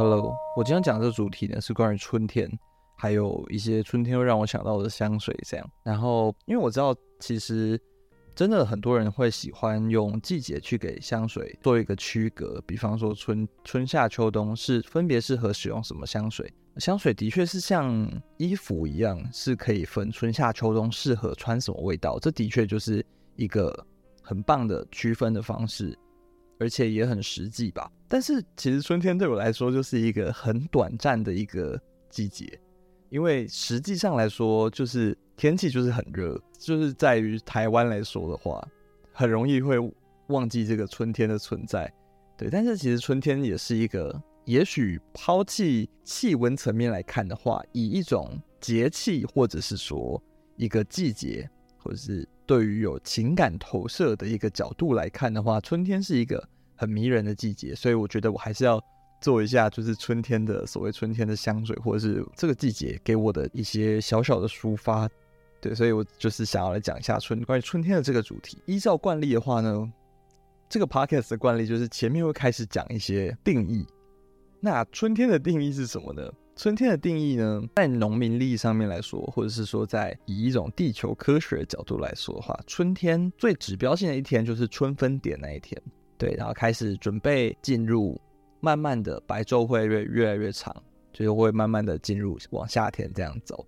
Hello，我今天講的主題呢是關於春天，還有一些春天會讓我想到的香水這樣。然後，因為我知道其實真的很多人會喜歡用季節去給香水做一個區隔，比方說春、春夏秋冬是分別適合使用什麼香水。香水的確是像衣服一樣，是可以分春夏秋冬適合穿什麼味道，這的確就是一個很棒的區分的方式。而且也很實際吧，但是其實春天對我來說就是一個很短暫的一個季節，因為實際上來說就是天氣就是很熱，就是在於台灣來說的話，很容易會忘記這個春天的存在，對。但是其實春天也是一個，也許拋棄氣溫層面來看的話，以一種節氣或者是說一個季節或者是。對於有情感投射的一個角度來看的話，春天是一個很迷人的季節，所以我覺得我還是要做一下，就是春天的，所謂春天的香水，或者是這個季節給我的一些小小的抒發。對，所以我就是想要來講一下春，關於春天的這個主題。依照慣例的話呢，這個 podcast 的慣例就是前面會開始講一些定義。那春天的定義是什麼呢？春天的定義呢，在農民利益上面來說，或者是說在以一種地球科學的角度來說的話，春天最指標性的一天就是春分點那一天。對，然後開始準備進入，慢慢的白晝會越越來越長，就是、會慢慢的進入往夏天這樣走，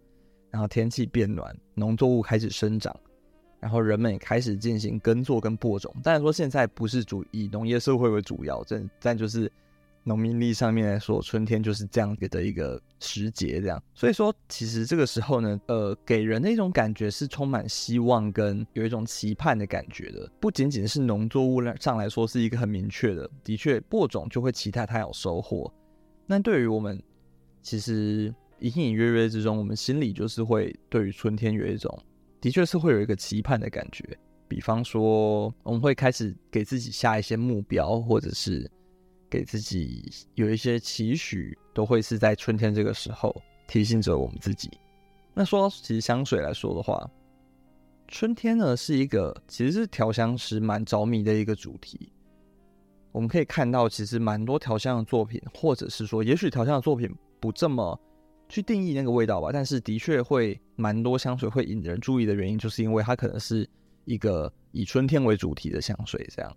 然後天氣變暖，農作物開始生長，然後人們也開始進行耕作跟播種。但是說現在不是主以農業社會為主要，這但就是。農民曆上面來說，春天就是這樣子的一個時節，這樣，所以說其實這個時候呢，呃，給人的一種感覺是充滿希望跟有一種期盼的感覺的。不僅僅是農作物上來說是一個很明確的，的確播種就會期待它有收穫。那對於我們，其實隱隱約約之中，我們心裡就是會對於春天有一種，的確是會有一個期盼的感覺。比方說，我們會開始給自己下一些目標，或者是。給自己有一些期許，都會是在春天這個時候提醒着我們自己。那說到其實香水來說的話，春天呢是一個其實是調香師蠻着迷的一個主題。我們可以看到，其實蠻多調香的作品，或者是說，也許調香的作品不這麼去定義那個味道吧，但是的確會蠻多香水會引人注意的原因，就是因為它可能是一個以春天為主題的香水這樣。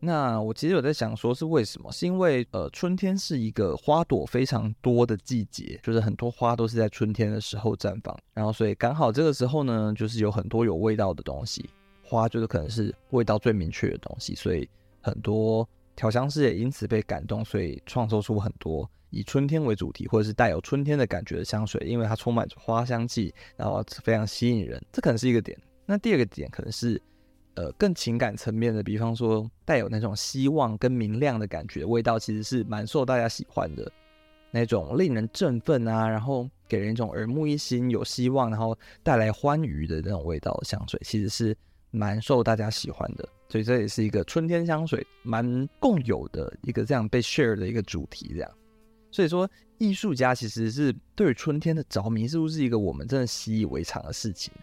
那我其實有在想，說是為什麼？是因為呃，春天是一個花朵非常多的季節，就是很多花都是在春天的時候綻放，然後所以剛好這個時候呢，就是有很多有味道的東西，花就是可能是味道最明確的東西，所以很多調香師也因此被感動，所以創作出很多以春天為主題或者是帶有春天的感覺的香水，因為它充滿着花香氣，然後非常吸引人，這可能是一個點。那第二個點可能是。呃，更情感層面的，比方說帶有那種希望跟明亮的感覺，味道其實是蠻受大家喜歡的。那種令人振奮啊，然後給人一種耳目一新、有希望，然後帶來歡愉的那種味道香水，其實是蠻受大家喜歡的。所以這也是一個春天香水蠻共有的一個這樣被 share 的一個主題。這樣，所以說藝術家其實是對於春天的着迷，是不是一個我們真的習以為常的事情。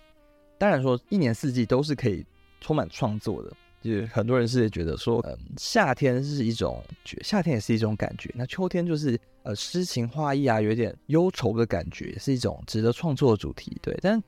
當然說，一年四季都是可以。充滿創作的，就是很多人是覺得說，嗯，夏天是一種覺，夏天也是一種感覺。那秋天就是，呃，詩情畫意啊，有點憂愁的感覺，是一種值得創作的主題，對。但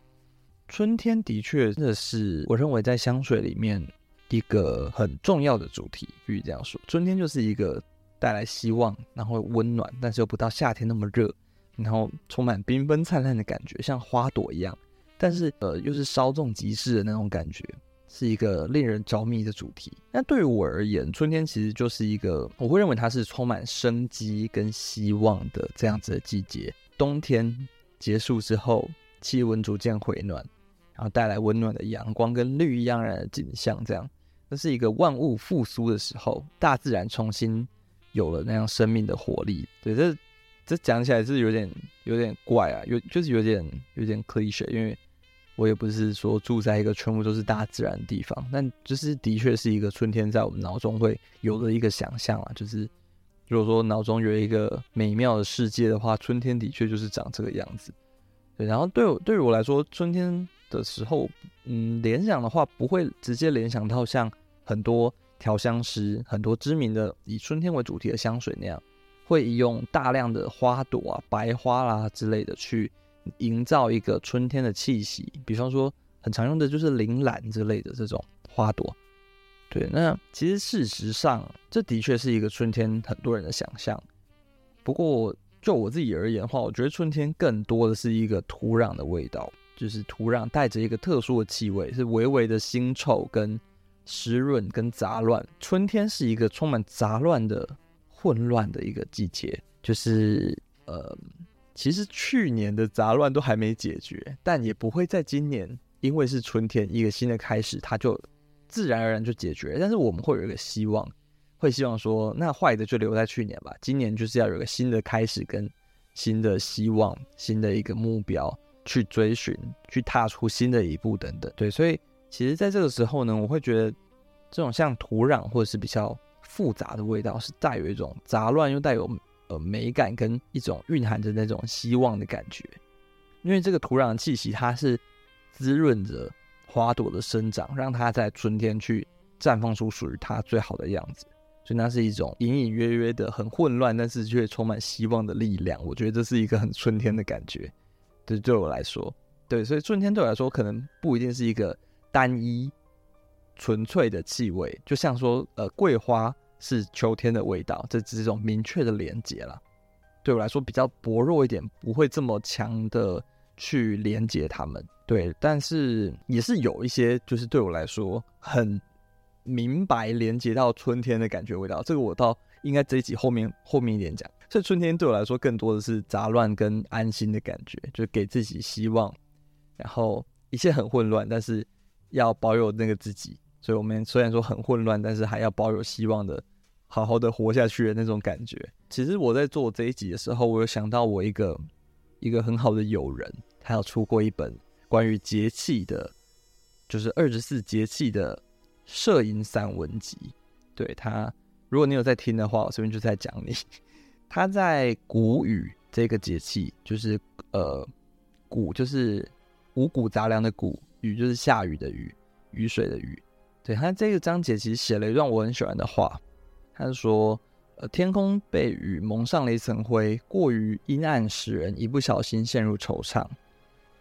春天的確真的是，我認為在香水裡面一個很重要的主題，可以這樣說，春天就是一個帶來希望，然後溫暖，但是又不到夏天那麼熱，然後充滿繽紛燦爛的感覺，像花朵一樣，但是，呃，又是稍縱即逝的那種感覺。是一個令人着迷的主題。那對於我而言，春天其實就是一個我會認為它是充滿生機跟希望的這樣子的季節。冬天結束之後，氣溫逐漸回暖，然後帶來溫暖的陽光跟綠意盎然的景象，這樣，這是一個萬物復甦的時候，大自然重新有了那樣生命的活力。對，這這講起來是有點有點怪啊，有就是有點有點 cliche，因為。我也不是說住在一個全部都是大自然的地方，但就是的確是一個春天在我們腦中會有的一個想象啊，就是如果說腦中有一個美妙的世界的話，春天的確就是長這個樣子。對，然後對我對於我來說，春天的時候，嗯，聯想的話不會直接聯想到像很多調香師、很多知名的以春天為主題的香水那樣，會用大量的花朵啊、白花啦、啊、之類的去。營造一個春天的氣息，比方說很常用的就是鈴蘭之類的這種花朵。對，那其實事實上，這的確是一個春天很多人的想象。不過就我自己而言的話，我覺得春天更多的是一個土壤的味道，就是土壤帶着一個特殊的氣味，是微微的腥臭，跟濕潤，跟雜亂。春天是一個充滿雜亂的、混亂的一個季節，就是呃。其實去年的雜亂都還沒解決，但也不會在今年，因為是春天一個新的開始，它就自然而然就解決。但是我們會有一個希望，會希望說，那壞的就留在去年吧，今年就是要有一個新的開始，跟新的希望，新的一個目標去追尋，去踏出新的一步等等。對，所以其實在這個時候呢，我會覺得這種像土壤或者是比較複雜的味道，是帶有一種雜亂，又帶有。呃，美感跟一種蘊含着那種希望的感覺，因為這個土壤的氣息，它是滋潤着花朵的生長，讓它在春天去綻放出屬於它最好的樣子。所以那是一種隱隱約約的很混亂，但是卻充滿希望的力量。我覺得這是一個很春天的感覺，對，對我來說，對，所以春天對我來說，可能不一定是一個單一純粹的氣味，就像說呃桂花。是秋天的味道，這只是一種明確的連接了。對我來說比較薄弱一點，不會這麼強的去連接他們。對，但是也是有一些，就是對我來說很明白連接到春天的感覺味道。這個我倒應該這一集後面後面一點講。所以春天對我來說更多的是雜亂跟安心的感覺，就給自己希望，然後一切很混亂，但是要保有那個自己。所以我們雖然說很混亂，但是還要抱有希望的，好好的活下去的那種感覺。其實我在做這一集的時候，我有想到我一個一個很好的友人，他有出過一本關於節氣的，就是二十四節氣的攝影散文集。對，他，如果你有在聽的話，我這邊就在講你。他在谷雨這個節氣，就是呃谷就是五谷雜糧的谷，雨就是下雨的雨，雨水的雨。對，他這個章節其實寫了一段我很喜歡的話，他說，呃：“天空被雨蒙上了一層灰，過於陰暗，使人一不小心陷入惆悵。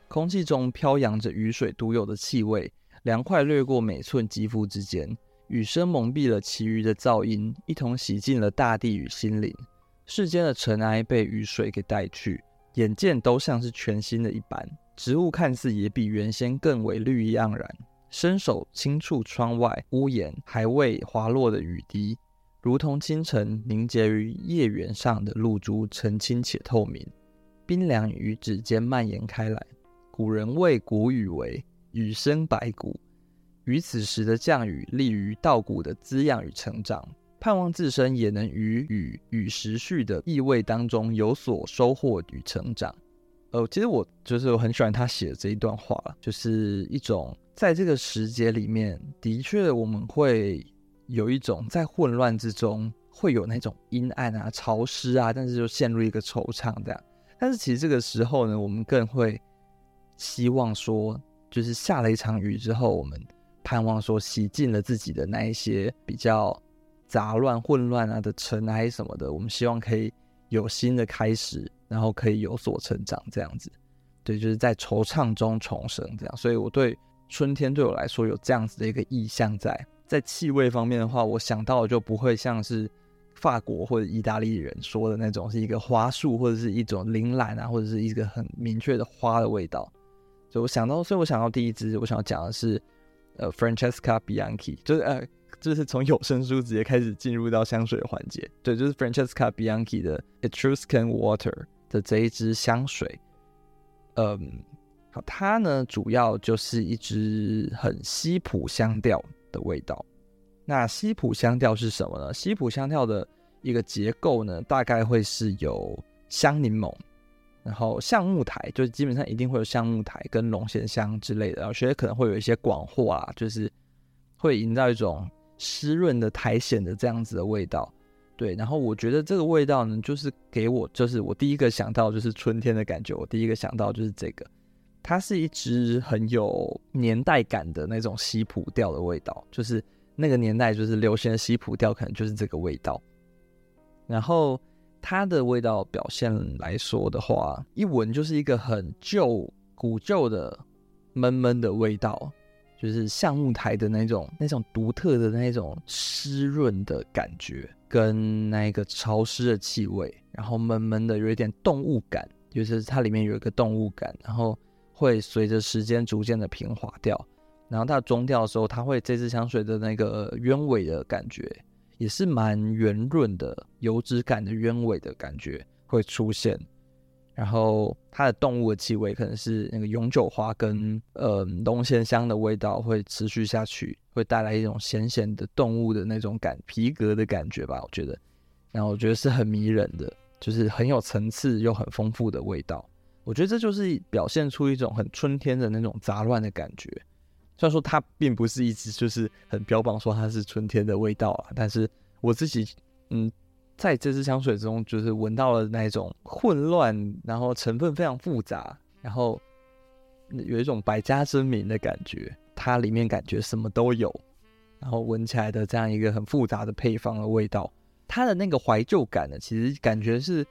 空氣中飄揚着雨水獨有的氣味，涼快掠過每寸肌膚之間。雨聲蒙蔽了其餘的噪音，一同洗淨了大地與心靈。世間的塵埃被雨水給帶去，眼見都像是全新的一般。植物看似也比原先更為綠意盎然。”伸手輕觸窗外屋檐還未滑落的雨滴，如同清晨凝結於葉緣上的露珠，澄清、且透明，冰涼於指尖蔓延開來。古人謂穀雨為雨生百穀，於此時的降雨利於稻穀的滋養與成長，盼望自身也能與雨雨時序的意味當中有所收穫與成長。呃，其實我就是我很喜歡他寫的這一段話，就是一種。在這個時節裡面，的確我們會有一種在混亂之中會有那種陰暗啊、潮濕啊，但是就陷入一個惆悵這樣。但是其實這個時候呢，我們更會希望說，就是下了一場雨之後，我們盼望說洗淨了自己的那一些比較雜亂、混亂啊的塵埃什麼的，我們希望可以有新的開始，然後可以有所成長這樣子。對，就是在惆悵中重生這樣。所以我對。春天對我來說有這樣子的一個意象在，在氣味方面的話，我想到的就不會像是法國或者意大利人說的那種是一個花束或者是一種鈴蘭啊，或者是一個很明確的花的味道。所以我想到，所以我想到第一支我想要講的是，呃，Francesca Bianchi，就是呃，就是從有聲書直接開始進入到香水環節，對，就是 Francesca Bianchi 的 Etruscan Water 的這一支香水，嗯。它呢，主要就是一支很西普香調的味道。那西普香調是什麼呢？西普香調的一個結構呢，大概會是有香檸檬，然後橡木苔，就是基本上一定會有橡木苔跟龍涎香之類的，然後甚至可能會有一些廣藿啊，就是會營造一種濕潤的苔蘚的這樣子的味道。對，然後我覺得這個味道呢，就是給我，就是我第一個想到就是春天的感覺，我第一個想到就是這個。它是一支很有年代感的那種西普調的味道，就是那個年代就是流行的西普調，可能就是這個味道。然後它的味道表現來說的話，一聞就是一個很舊古舊的悶悶的味道，就是橡木苔的那種那種獨特的那種濕潤的感覺跟那個潮濕的氣味，然後悶悶的有一點動物感，就是它裡面有一個動物感，然後。會隨着時間逐漸的平滑掉，然後它的中調的時候，它會這支香水的那個鳶尾的感覺，也是蠻圓潤的油脂感的鳶尾的感覺會出現，然後它的動物的氣味可能是那個永久花跟呃龍涎香的味道會持續下去，會帶來一種鹹鹹的動物的那種感，皮革的感覺吧，我覺得，然後我覺得是很迷人的，就是很有層次又很豐富的味道。我覺得這就是表現出一種很春天的那種雜亂的感覺，雖然說它並不是一直就是很標榜說它是春天的味道啊，但是我自己嗯在這支香水中就是聞到了那種混亂，然後成分非常複雜，然後有一種百家爭鳴的感覺，它裡面感覺什麼都有，然後聞起來的這樣一個很複雜的配方的味道，它的那個懷舊感呢，其實感覺是。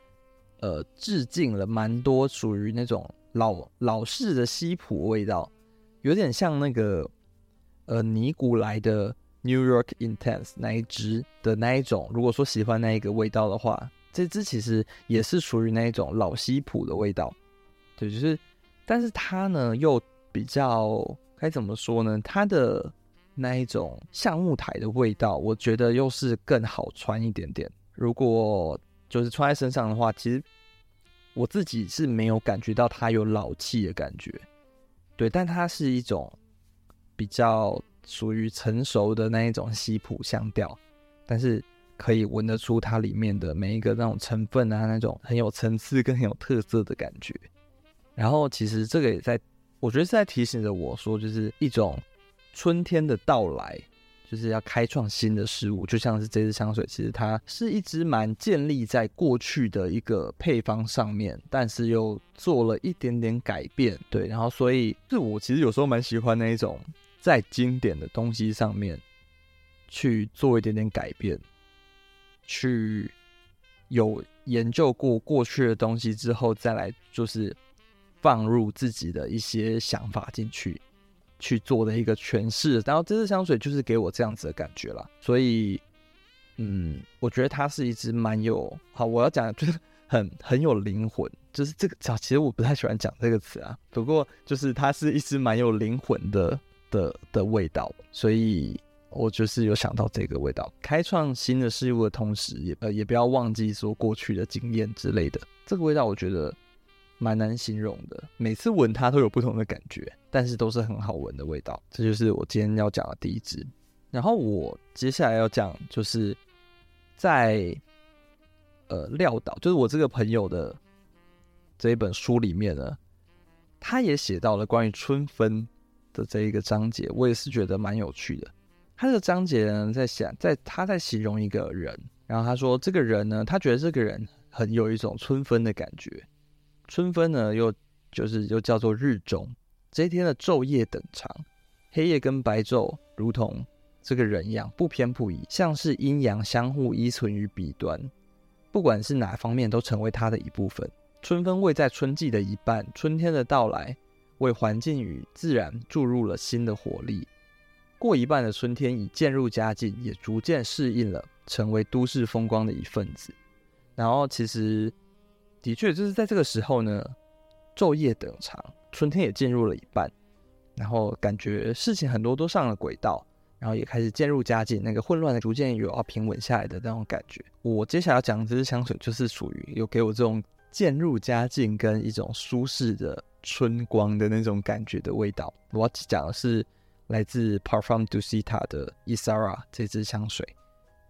呃，致敬了蠻多屬於那種老老式的西普味道，有點像那個呃尼古萊的 New York Intense 那一只的那一種。如果說喜歡那一個味道的話，這只其實也是屬於那一種老西普的味道，對，就是，但是它呢又比較該怎麼說呢？它的那一種橡木苔的味道，我覺得又是更好穿一點點。如果就是穿在身上的話，其實我自己是沒有感覺到它有老氣的感覺，對，但它是一種比較屬於成熟的那一種西普香調，但是可以聞得出它裡面的每一個那種成分啊，那種很有層次跟很有特色的感覺。然後其實這個也在，我覺得是在提醒着我說，就是一種春天的到來。就是要開創新的事物，就像是這支香水，其實它是一直蠻建立在過去的一個配方上面，但是又做了一點點改變，對，然後所以是我其實有時候蠻喜歡那一種在經典的東西上面去做一點點改變，去有研究過過去的東西之後再來就是放入自己的一些想法進去，去做的一個詮釋，然後這支香水就是給我這樣子的感覺啦，所以，嗯，我覺得它是一支蠻有，好，我要講就是很很有靈魂，就是這個講其實我不太喜歡講這個詞啊，不過就是它是一支蠻有靈魂的的的味道，所以我就是有想到這個味道，開創新的事物的同時，也呃也不要忘記說過去的經驗之類的，這個味道我覺得。蠻難形容的，每次聞它都有不同的感覺，但是都是很好聞的味道。這就是我今天要講的第一支。然後我接下來要講就是在呃廖導，就是我這個朋友的這一本書裡面呢，他也寫到了關於春分的這一個章節，我也是覺得蠻有趣的。他這個章節呢，在想在他在形容一個人，然後他說這個人呢，他覺得這個人很有一種春分的感覺。春分呢，又就是又叫做日中，這一天的晝夜等長，黑夜跟白晝如同這個人一樣不偏不倚，像是陰陽相互依存於彼端，不管是哪方面都成為它的一部分。春分位在春季的一半，春天的到來為環境與自然注入了新的活力。過一半的春天已漸入佳境，也逐漸適應了成為都市風光的一份子。然後其實。的確，就是在這個時候呢，晝夜等長，春天也進入了一半，然後感覺事情很多都上了軌道，然後也開始漸入佳境，那個混亂的逐漸有要平穩下來的那種感覺。我接下來要講的這支香水，就是屬於有給我這種漸入佳境跟一種舒適的春光的那種感覺的味道。我講的是來自 Parfums Dusita 的 Issara 這支香水。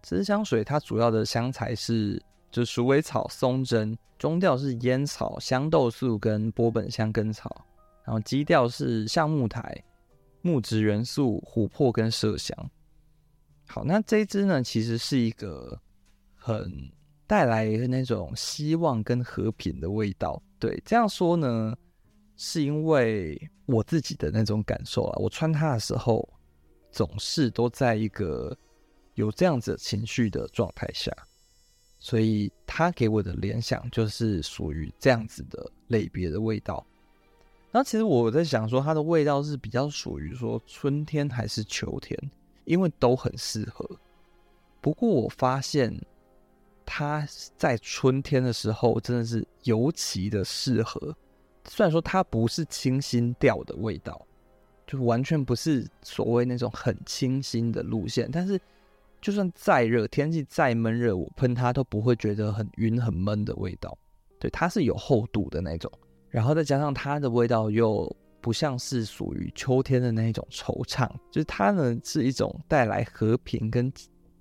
這支香水它主要的香材是。就鼠尾草、松針，中調是菸草、香豆素跟波本香根草，然後基調是橡木苔、木質元素、琥珀跟麝香。好，那這一支呢，其實是一個很帶來那種希望跟和平的味道。對，這樣說呢，是因為我自己的那種感受啊，我穿它的時候，總是都在一個有這樣子的情緒的狀態下。所以他給我的聯想就是屬於這樣子的類別的味道。然後其實我在想說，它的味道是比較屬於說春天還是秋天，因為都很適合。不過我發現它在春天的時候真的是尤其的適合。雖然說它不是清新調的味道，就完全不是所謂那種很清新的路線，但是，就算再熱，天氣再悶熱，我噴它都不會覺得很暈、很悶的味道。對，它是有厚度的那種，然後再加上它的味道又不像是屬於秋天的那一種惆悵，就是它呢是一種帶來和平跟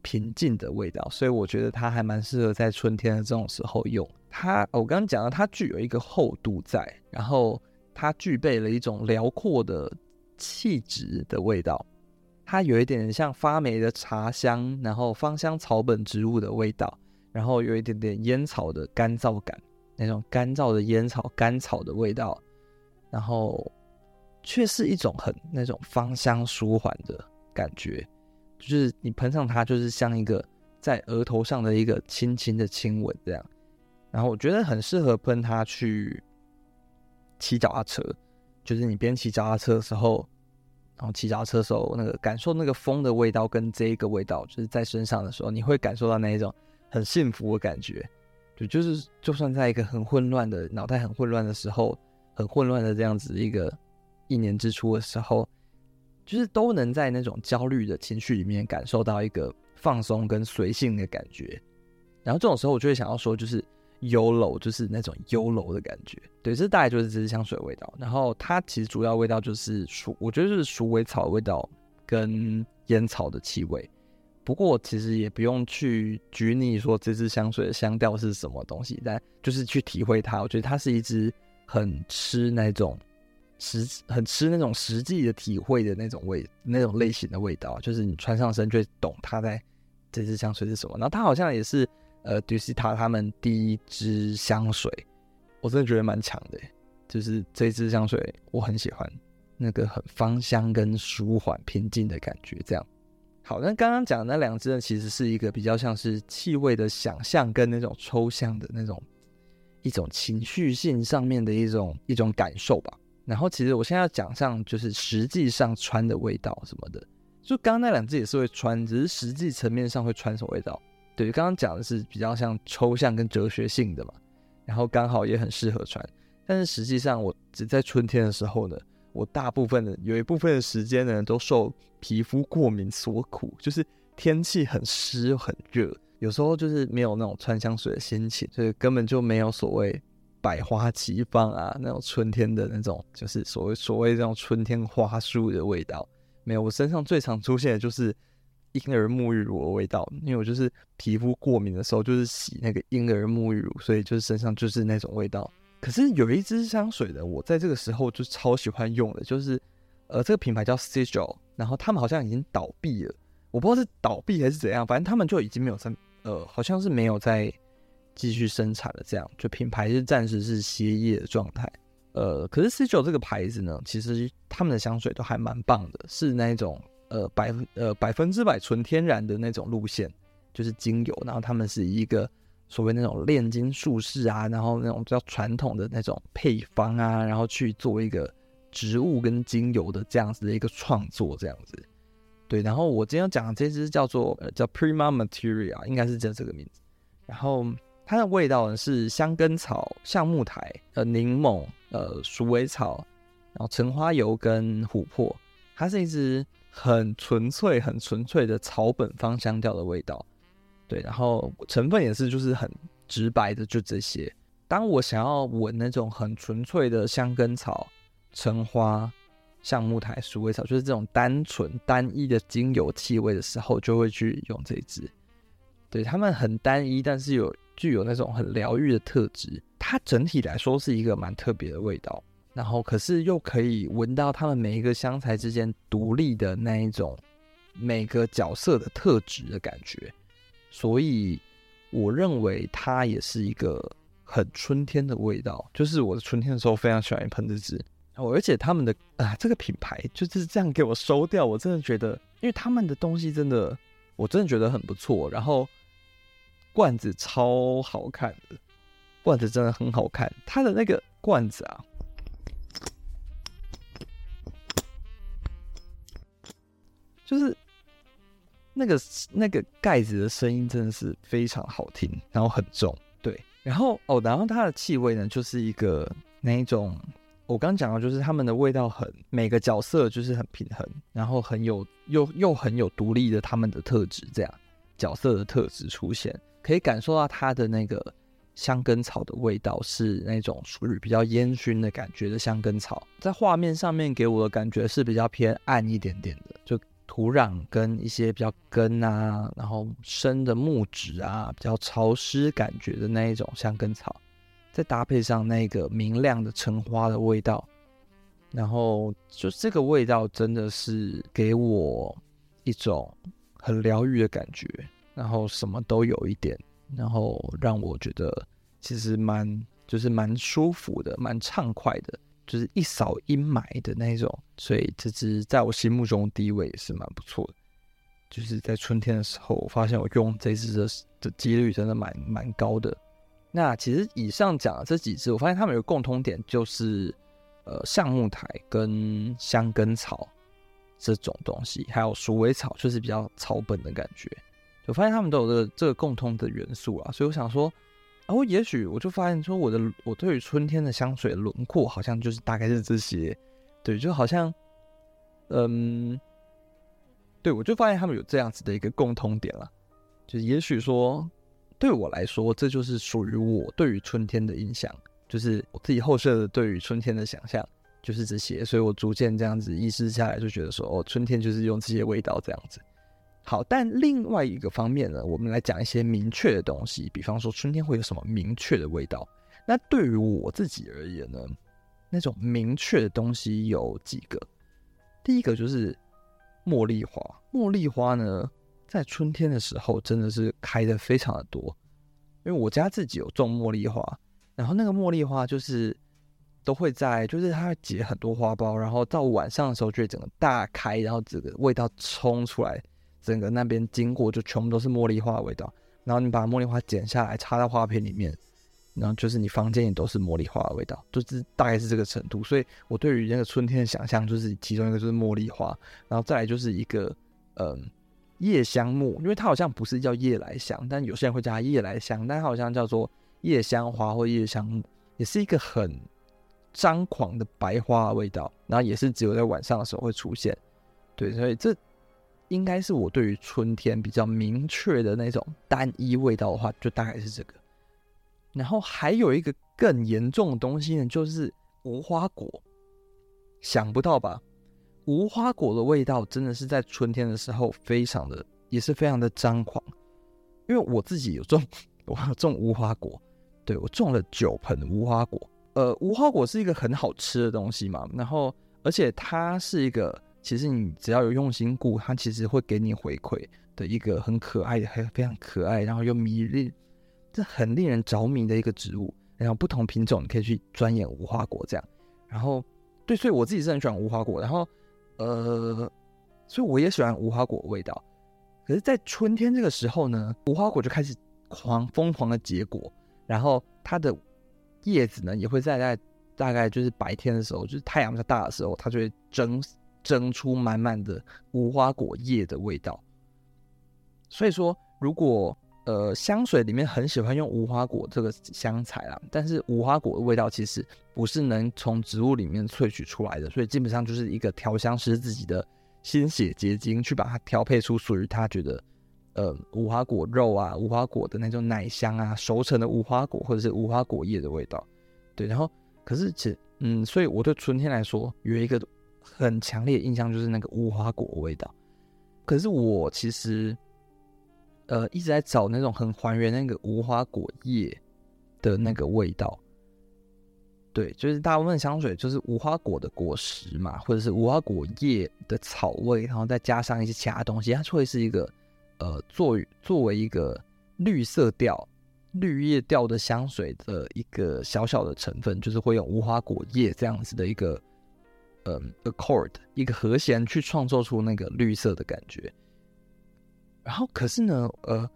平靜的味道，所以我覺得它還蠻適合在春天的這種時候用。它，我剛剛講到，它具有一個厚度在，然後它具備了一種遼闊的氣質的味道。它有一點像發霉的茶香，然後芳香草本植物的味道，然後有一點點煙草的乾燥感，那種乾燥的煙草、乾草的味道，然後卻是一種很那種芳香舒緩的感覺，就是你噴上它，就是像一個在額頭上的一個輕輕的親吻這樣。然後我覺得很適合噴它去騎腳踏車，就是你邊騎腳踏車的時候。然後騎着車時候，那個感受那個風的味道跟這個味道，就是在身上的時候，你會感受到那一種很幸福的感覺。就、就是就算在一個很混亂的，腦袋很混亂的時候，很混亂的這樣子一個一年之初的時候，就是都能在那種焦慮的情緒裡面感受到一個放鬆跟隨性的感覺。然後這種時候，我就會想要說，就是。幽柔就是那種幽柔的感覺，對，這大概就是這支香水的味道。然後它其實主要味道就是鼠，我覺得就是鼠尾草的味道跟煙草的氣味。不過我其實也不用去拘泥說這支香水的香調是什麼東西，但就是去體會它。我覺得它是一支很吃那種實，很吃那種實際的體會的那種味，那種類型的味道，就是你穿上身就會懂它在這支香水是什麼。然後它好像也是。呃，Dusita 他們第一支香水，我真的覺得蠻強的，就是這支香水我很喜歡，那個很芳香跟舒緩平靜的感覺，這樣。好，那剛剛講的那兩支呢，其實是一個比較像是氣味的想象跟那種抽象的那種一種情緒性上面的一種一種感受吧。然後，其實我現在要講上就是實際上穿的味道什麼的，就剛剛那兩支也是會穿，只是實際層面上會穿什麼味道。對，剛剛講的是比較像抽象跟哲學性的嘛，然後剛好也很適合穿。但是實際上，我只在春天的時候呢，我大部分的有一部分的時間呢，都受皮膚過敏所苦，就是天氣很濕很熱，有時候就是沒有那種穿香水的心情，所以根本就沒有所謂百花齊放啊那種春天的那種，就是所謂所謂這種春天花束的味道，沒有。我身上最常出現的就是。嬰兒沐浴乳的味道，因為我就是皮膚過敏的時候，就是洗那個嬰兒沐浴乳，所以就是身上就是那種味道。可是有一支香水的，我在這個時候就超喜歡用的，就是呃，這個品牌叫 Sigil，然後他們好像已經倒閉了，我不知道是倒閉還是怎樣，反正他們就已經沒有在呃，好像是沒有在繼續生產了，這樣就品牌是暫時是歇業的狀態。呃，可是 Sigil 這個牌子呢，其實他們的香水都還蠻棒的，是那種。呃，百分呃百分之百純天然的那種路線，就是精油。然後他們是以一個所謂那種煉金術士啊，然後那種比較傳統的那種配方啊，然後去做一個植物跟精油的這樣子的一個創作，這樣子。對，然後我今天講的這支叫做呃叫 Prima Materia，應該是叫這個名字。然後它的味道呢，是香根草、橡木苔、呃檸檬、呃鼠尾草，然後橙花油跟琥珀。它是一支。很純粹、很純粹的草本芳香調的味道，對。然後成分也是就是很直白的，就這些。當我想要聞那種很純粹的香根草、橙花、橡木苔、鼠尾草，就是這種單純單一的精油氣味的時候，就會去用這一支。對，它們很單一，但是有具有那種很療癒的特質。它整體來說是一個蠻特別的味道。然後，可是又可以聞到他們每一個香材之間獨立的那一種每個角色的特質的感覺，所以我認為它也是一個很春天的味道。就是我的春天的時候非常喜歡噴這支，哦，而且他們的啊，呃，這個品牌就是這樣給我收掉，我真的覺得，因為他們的東西真的我真的覺得很不錯，然後罐子超好看的，罐子真的很好看，它的那個罐子啊。就是那個那個蓋子的聲音真的是非常好聽，然後很重，對，然後哦，然後它的氣味呢就是一個那一種，我剛剛講到，就是他們的味道很每個角色就是很平衡，然後很有又又很有獨立的他們的特質，這樣角色的特質出現，可以感受到它的那個香根草的味道是那種屬於比較煙燻的感覺的香根草，在畫面上面給我的感覺是比較偏暗一點點的，就。土壤跟一些比較根啊，然後深的木質啊，比較潮濕感覺的那一種香根草，再搭配上那個明亮的橙花的味道，然後就這個味道真的是給我一種很療癒的感覺，然後什麼都有一點，然後讓我覺得其實蠻就是蠻舒服的，蠻暢快的。就是一掃陰霾的那種，所以這支在我心目中的地位也是蠻不錯的。就是在春天的時候，我發現我用這支的的幾率真的蠻蠻高的。那其實以上講的這幾支，我發現它們有共通點，就是呃，橡木苔跟香根草這種東西，還有鼠尾草，就是比較草本的感覺。我發現它們都有這個、這個共通的元素啊，所以我想說。然後、啊、也許我就發現說我，我的我對於春天的香水輪廓好像就是大概是這些，對，就好像，嗯，對我就發現他們有這樣子的一個共通點了，就是也許說對我來說，這就是屬於我對於春天的印象，就是我自己後設的對於春天的想象就是這些，所以我逐漸這樣子意識下來，就覺得說，哦，春天就是用這些味道這樣子。好，但另外一個方面呢，我們來講一些明確的東西，比方說春天會有什麼明確的味道。那對於我自己而言呢，那種明確的東西有幾個。第一個就是茉莉花，茉莉花呢，在春天的時候真的是開得非常的多，因為我家自己有種茉莉花，然後那個茉莉花就是都會在，就是它會結很多花苞，然後到晚上的時候就會整個大開，然後這個味道衝出來。整個那邊經過就全部都是茉莉花的味道，然後你把茉莉花剪下來插到花瓶裡面，然後就是你房間也都是茉莉花的味道，就是大概是這個程度。所以我對於那個春天的想象就是其中一個就是茉莉花，然後再來就是一個嗯夜香木，因為它好像不是叫夜來香，但有些人會叫夜來香，但它好像叫做夜香花或夜香木，也是一個很張狂的白花的味道，然後也是只有在晚上的時候會出現，對，所以這。應該是我對於春天比較明確的那種單一味道的話，就大概是這個。然後還有一個更嚴重的東西呢，就是無花果。想不到吧？無花果的味道真的是在春天的時候非常的，也是非常的張狂。因為我自己有種，我有種無花果，對，我種了九盆無花果。呃，無花果是一個很好吃的東西嘛，然後而且它是一個。其實你只要有用心顧它，其實會給你回饋的一個很可愛的、很非常可愛，然後又迷戀，這很令人着迷的一個植物。然後不同品種你可以去鑽研無花果這樣。然後對，所以我自己是很喜歡無花果。然後呃，所以我也喜歡無花果的味道。可是，在春天這個時候呢，無花果就開始狂瘋狂的結果。然後它的葉子呢，也會在在大,大概就是白天的時候，就是太陽比較大的時候，它就會蒸。蒸出滿滿的無花果葉的味道，所以說，如果呃香水裡面很喜歡用無花果這個香材啦，但是無花果的味道其實不是能從植物裡面萃取出來的，所以基本上就是一個調香師自己的心血結晶，去把它調配出屬於他覺得呃無花果肉啊、無花果的那種奶香啊、熟成的無花果或者是無花果葉的味道，對，然後可是其實嗯，所以我對春天來說有一個。很強烈的印象就是那個無花果味道，可是我其實，呃，一直在找那種很還原那個無花果葉的那個味道。對，就是大部分香水就是無花果的果實嘛，或者是無花果葉的草味，然後再加上一些其他東西，它就會是一個呃作作為一個綠色調、綠葉調的香水的一個小小的成分，就是會用無花果葉這樣子的一個。嗯、um,，accord 一個和弦去創作出那個綠色的感覺，然後可是呢，呃，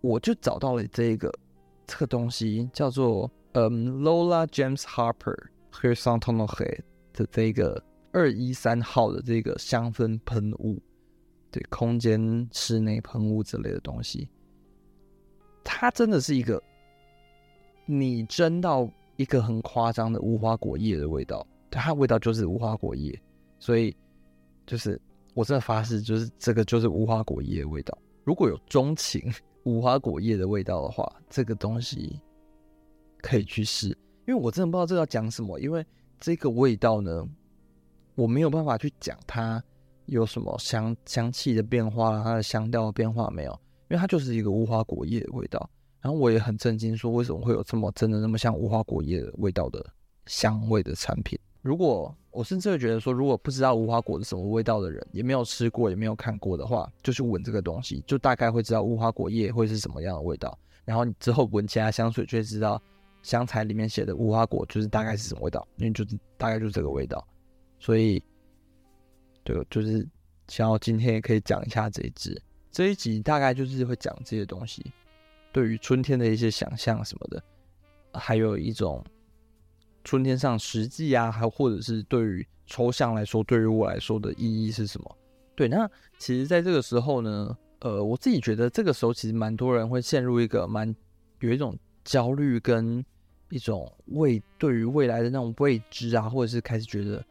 我就找到了這個這個東西叫做嗯、um,，Lola James Harper Rue Saint-Honoré 的這個二一三號的這個香氛噴霧，對，空間室內噴霧之類的東西，它真的是一個擬真到一個很誇張的無花果葉的味道。它的味道就是無花果葉，所以就是我真的發誓，就是這個就是無花果葉的味道。如果有鍾情無花果葉的味道的話，這個東西可以去試。因為我真的不知道這要講什麼，因為這個味道呢，我沒有辦法去講它有什麼香香氣的變化，它的香調的變化沒有，因為它就是一個無花果葉的味道。然後我也很震驚，說為什麼會有這麼真的那麼像無花果葉的味道的香味的產品。如果我甚至會覺得說，如果不知道無花果是什麼味道的人，也沒有吃過，也沒有看過的話，就去聞這個東西，就大概會知道無花果葉會是什麼樣的味道。然後你之後聞其他香水，就會知道香材裡面寫的無花果就是大概是什麼味道，那就是大概就是這個味道。所以，對，就是想要今天也可以講一下這一支，這一集大概就是會講這些東西，對於春天的一些想象什麼的，還有一種。春天上實際啊，還有或者是對於抽象來說，對於我來說的意義是什麼？對，那其實在這個時候呢，呃，我自己覺得這個時候其實蠻多人會陷入一個蠻有一種焦慮跟一種未對於未來的那種未知啊，或者是開始覺得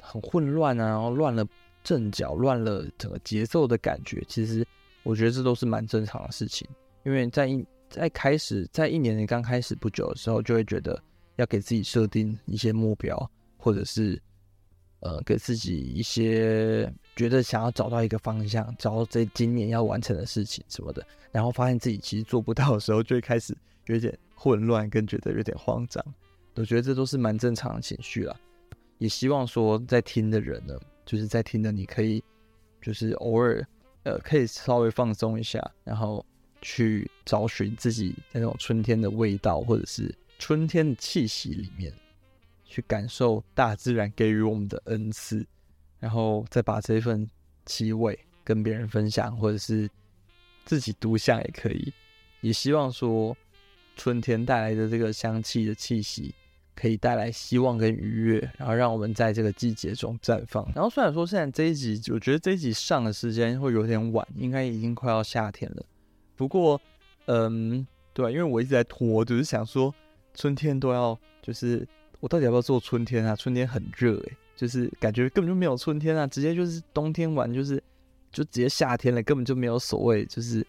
很混亂啊，然後亂了陣腳，亂了整個節奏的感覺。其實我覺得這都是蠻正常的事情，因為在一在開始在一年剛開始不久的時候，就會覺得。要給自己設定一些目標，或者是，呃，給自己一些覺得想要找到一個方向，找到這今年要完成的事情什麼的，然後發現自己其實做不到的時候，就會開始有點混亂，跟覺得有點慌張。我覺得這都是蠻正常的情緒啦。也希望說在聽的人呢，就是在聽的你可以，就是偶爾，呃，可以稍微放鬆一下，然後去找尋自己那種春天的味道，或者是。春天的氣息裡面，去感受大自然給予我們的恩賜，然後再把這份氣味跟別人分享，或者是自己獨享也可以。也希望說，春天帶來的這個香氣的氣息，可以帶來希望跟愉悅，然後讓我們在這個季節中綻放。然後，雖然說現在這一集，我覺得這一集上的時間會有點晚，應該已經快要夏天了。不過，嗯，對，因為我一直在拖，就是想說，春天都要，就是我到底要不要做春天啊？春天很熱誒，就是感覺根本就沒有春天啊，直接就是冬天完，就是就直接夏天了，根本就沒有所謂就是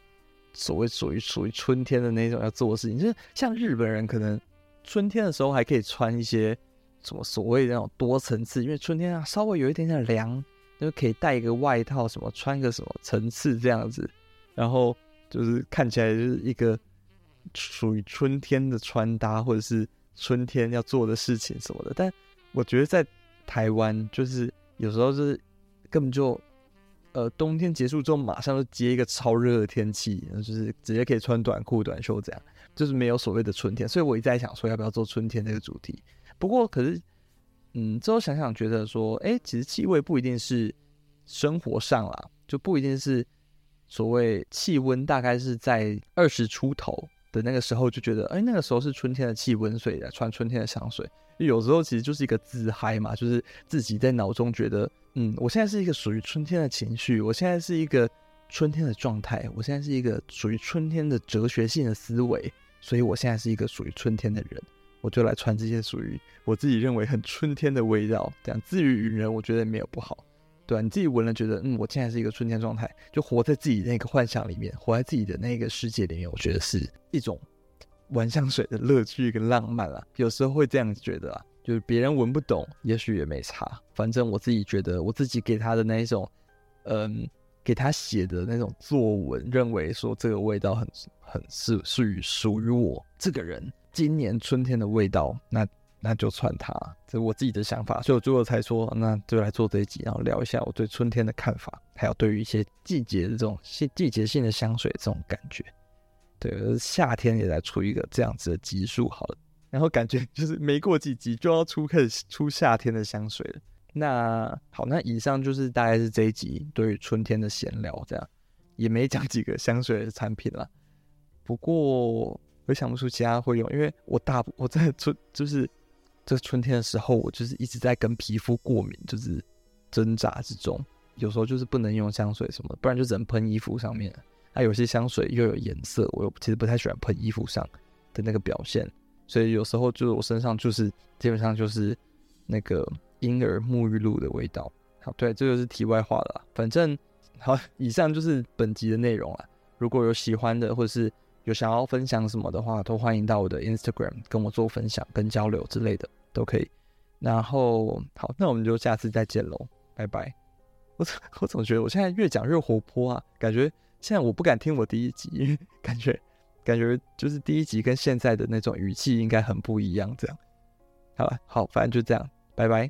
所謂屬於屬於春天的那種要做的事情。就是像日本人，可能春天的時候還可以穿一些什麼所謂的那種多層次，因為春天啊稍微有一點點涼，就可以帶一個外套，什麼穿個什麼層次這樣子，然後就是看起來就是一個。屬於春天的穿搭，或者是春天要做的事情什麼的，但我覺得在台灣，就是有時候是根本就，呃，冬天結束之後，馬上就接一個超熱的天氣，就是直接可以穿短褲、短袖這樣，就是沒有所謂的春天，所以我一直在想說要不要做春天這個主題。不過，可是，嗯，之後想想覺得說，哎、欸，其實氣味不一定是生活上啦，就不一定是所謂氣溫，大概是在二十出頭。的那個時候就覺得，哎、欸，那個時候是春天的氣溫，所以來穿春天的香水。有時候其實就是一個自嗨嘛，就是自己在腦中覺得，嗯，我現在是一個屬於春天的情緒，我現在是一個春天的狀態，我現在是一個屬於春天的哲學性的思維，所以我現在是一個屬於春天的人，我就來穿這些屬於我自己認為很春天的味道。這樣，自娛娛人，我覺得沒有不好。對啊，你自己聞了，覺得嗯，我現在是一個春天狀態，就活在自己那個幻想裡面，活在自己的那個世界裡面。我覺得是一種玩香水的樂趣跟浪漫啊。有時候會這樣覺得，啊，就是別人聞不懂，也許也沒差。反正我自己覺得，我自己給他的那一種，嗯，給他寫的那種作文，認為說這個味道很很是屬於屬於我這個人今年春天的味道。那那就穿它，這是我自己的想法，所以我最後才說，那就來做這一集，然後聊一下我對春天的看法，還有對於一些季節的這種季節性的香水這種感覺。對，就是夏天也來出一個這樣子的集數好了，然後感覺就是沒過幾集就要出開始出夏天的香水了。那好，那以上就是大概是這一集對於春天的閒聊，這樣也沒講幾個香水的產品了，不過我也想不出其他會用，因為我大我在出就是。這個春天的時候，我就是一直在跟皮膚過敏就是掙扎之中，有時候就是不能用香水什麼，不然就只能噴衣服上面。啊，有些香水又有顏色，我又其實不太喜歡噴衣服上的那個表現，所以有時候就是我身上就是基本上就是那個嬰兒沐浴露的味道。好，對，這就是題外話了。反正好，以上就是本集的內容了。如果有喜歡的或者是有想要分享什麼的話，都歡迎到我的 Instagram 跟我做分享跟交流之類的都可以。然後好，那我們就下次再見嘍，拜拜。我我總覺得我現在越講越活潑啊，感覺現在我不敢聽我第一集，因為感覺感覺就是第一集跟現在的那種語氣應該很不一樣。這樣，好吧，好，反正就這樣，拜拜。